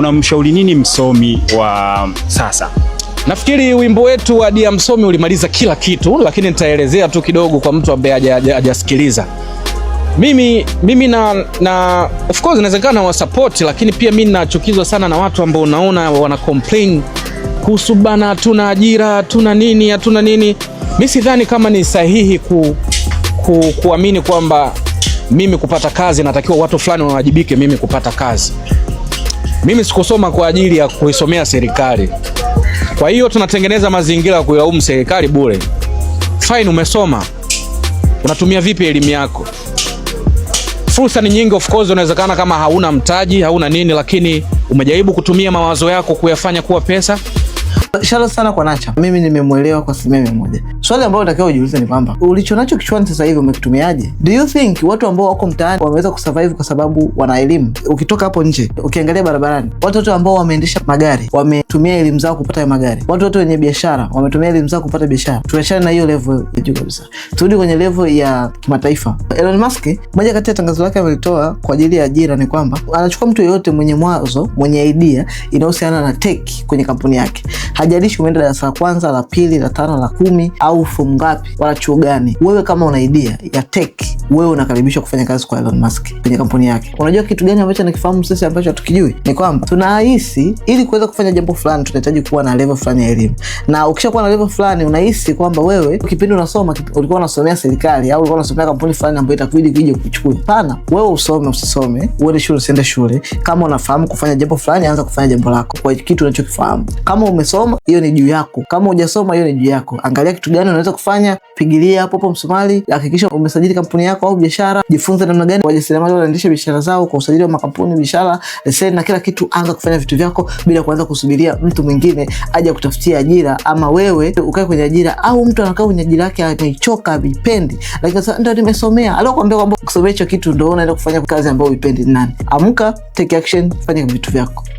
Unamshauri nini msomi wa sasa? Nafikiri wimbo wetu wa Dia Msomi ulimaliza kila kitu, lakini nitaelezea tu kidogo kwa mtu ambaye hajasikiliza. Mimi mimi na, na of course inawezekana wa support, lakini pia mimi ninachukizwa sana na watu ambao unaona wana complain kuhusu bana, hatuna ajira, hatuna nini, hatuna nini. Mimi sidhani kama ni sahihi ku, ku, kuamini kwamba mimi kupata kazi natakiwa watu fulani wawajibike mimi kupata kazi. Mimi sikusoma kwa ajili ya kuisomea serikali, kwa hiyo tunatengeneza mazingira ya kuilaumu serikali bure. Fine, umesoma, unatumia vipi elimu yako? Fursa ni nyingi, of course, unawezekana kama hauna mtaji hauna nini, lakini umejaribu kutumia mawazo yako kuyafanya kuwa pesa shalo sana kwa Nacha, mimi nimemwelewa kwa asilimia mia moja. Swali ambalo unatakiwa ujiulize ni kwamba ulicho nacho kichwani sasa hivi umekitumiaje? Do you think watu ambao wako mtaani wameweza kusurvive kwa sababu wana elimu? Ukitoka hapo nje, ukiangalia barabarani, watoto ambao wameendesha magari wametumia elimu zao kupata magari, watu wote wenye biashara wametumia elimu zao kupata biashara. Tuachane na hiyo level ya juu kabisa, turudi kwenye level ya kimataifa. Elon Musk, moja kati ya tangazo lake amelitoa kwa ajili ya ajira ni kwamba anachukua mtu yeyote mwenye mwazo, mwenye idea inayohusiana na tech kwenye kampuni yake. Haijalishi umeenda darasa la kwanza, la pili, la tano, la kumi au form ngapi wala chuo gani, wewe kama una idea ya tech, wewe unakaribishwa kufanya kazi kwa Elon Musk kwenye kampuni yake. Unajua kitu gani ambacho nakifahamu sisi ambacho hatukijui? Ni kwamba tunahisi ili kuweza kufanya jambo fulani tunahitaji kuwa na level fulani ya elimu, na ukishakuwa na level fulani unahisi kwamba wewe kipindi unasoma ulikuwa unasomea serikali au ulikuwa unasomea kampuni fulani ambayo itakuidi kuija kuchukua pana. Wewe usome usisome, uende shule usiende shule, kama unafahamu kufanya jambo fulani, anza kufanya jambo lako kwa kitu unachokifahamu. Kama umesoma hiyo ni juu yako. Kama hujasoma, hiyo ni juu yako. Angalia kitu gani unaweza kufanya, pigilia hapo hapo msumari. Hakikisha umesajili kampuni yako au biashara. Jifunze namna gani wajasiriamali wanaendesha biashara zao kwa usajili wa makampuni, biashara, leseni na kila kitu. Anza kufanya vitu vyako bila kuanza kusubiria mtu mwingine aje kutafutia ajira, ama wewe ukae kwenye ajira, au mtu anakaa kwenye ajira yake ameichoka, vipendi, lakini sasa ndio nimesomea. Alikwambia kwamba kusomea hicho kitu ndio unaenda kufanya kazi ambayo vipendi. nani? Amka, take action, fanya vitu vyako.